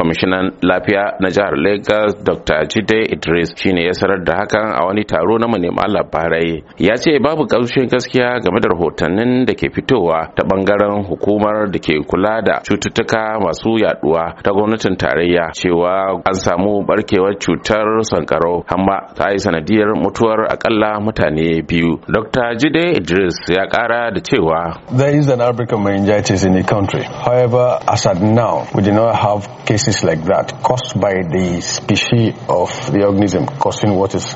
kwamishinan lafiya na jihar lagos dr jide idris shine ya sanar da hakan a wani taro na manema labarai ya ce babu ƙarshen gaskiya game da rahotannin da ke fitowa ta bangaren hukumar da ke kula da cututtuka masu yaduwa ta gwamnatin tarayya cewa an samu barkewar cutar sankarau hamma ta yi sanadiyar mutuwar akalla mutane biyu dr jide idris ya kara da cewa there is an African meningitis in the country however as at now we do not have cases like that caused by the species of the organism causing what is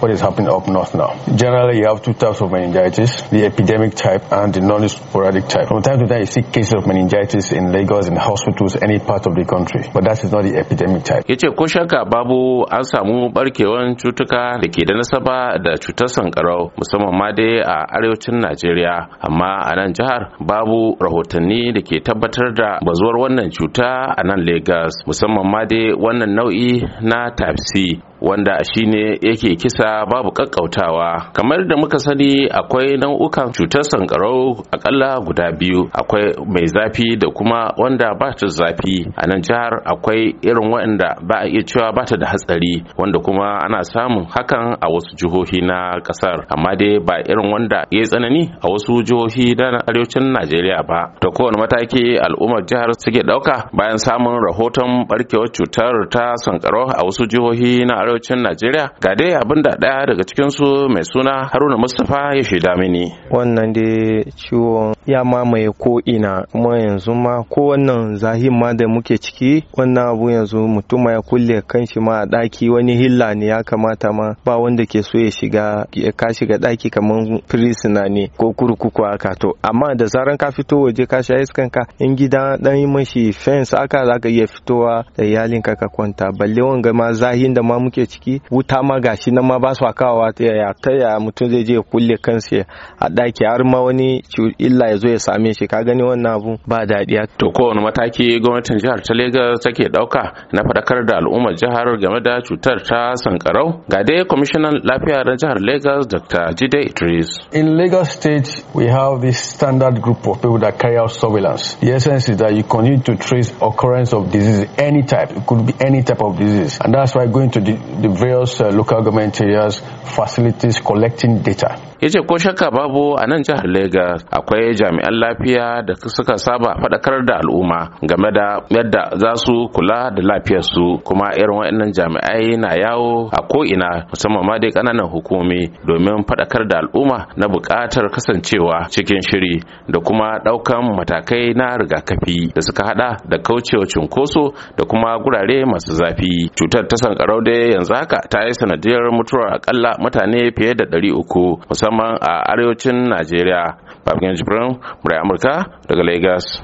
what is happening up north now. Generally, you have two types of meningitis, the epidemic type and the non-sporadic type. From time to time, you see cases of meningitis in Lagos, in hospitals, any part of the country. But that is not the epidemic type. Yace ko shakka babu an samu barkewan cutuka da ke da nasaba da cutar sankarau musamman ma dai a arewacin Najeriya amma a nan jihar babu rahotanni da ke tabbatar da bazuwar wannan cuta a nan Lagos musamman ma dai wannan nau'i na type C wanda shi ne yake kisa babu kakkautawa kamar da muka sani akwai nau'ukan cutar sankarau akalla guda biyu akwai mai zafi da kuma wanda ba ta zafi a nan jihar akwai irin waɗanda ba a iya cewa ba ta da hatsari wanda kuma ana samun hakan a wasu jihohi na ƙasar, amma dai ba irin wanda ya tsanani a wasu jihohi na arewacin najeriya ba da kowane mataki al'ummar jihar suke ɗauka bayan samun rahoton barkewar cutar ta sankarau a wasu jihohi na arewacin najeriya ga dai abin da ɗaya daga cikinsu mai suna haruna mustapha ya shaida mini wannan dai ciwon ya mamaye ko ina kuma yanzu ma ko wannan zahin ma da muke ciki wannan abu yanzu mutum ya kulle kanshi ma a daki wani hilla ne ya kamata ma ba wanda ke so ya shiga ya ka shiga ɗaki kamar prisoner ne ko kurkuku haka to amma da zaran ka fito waje ka sha iskan ka in gida dan yi mashi fence aka zaka iya fitowa da iyalinka ka kwanta balle wanga ma zahin da ma muke suke ciki wuta ma gashi nan ma ba su kawawa ta yaya ta yaya mutum zai je ya kulle kansa a ɗaki har ma wani illa ya zo ya same shi ka gani wannan abu ba daɗi. To kowane mataki gwamnatin jihar ta Legas take ɗauka na faɗakar da al'ummar jihar game da cutar ta sankarau ga dai kwamishinan lafiya na jihar Legas Dr. Jide Idris. In Lagos state we have this standard group of people that carry out surveillance. The essence is that you continue to trace occurrence of disease any type. It could be any type of disease. And that's why going to the the various uh, local government areas facilities collecting data. ya ce ko shakka babu a nan jihar Lagos akwai jami'an lafiya da suka saba faɗakar da al'umma game da yadda za su kula da lafiyar su, kuma irin waɗannan jami'ai na yawo a ko'ina musamman ma dai ƙananan hukumi domin faɗakar da al'umma na buƙatar kasancewa cikin shiri da kuma ɗaukan matakai na rigakafi da suka haɗa da kaucewa cunkoso da kuma gurare masu zafi cutar ta sankarau dai yanzu haka ta yi sanadiyar mutuwar akalla mutane fiye da ɗari uku musamman a arewacin najeriya babban jibrin murai amurka daga lagos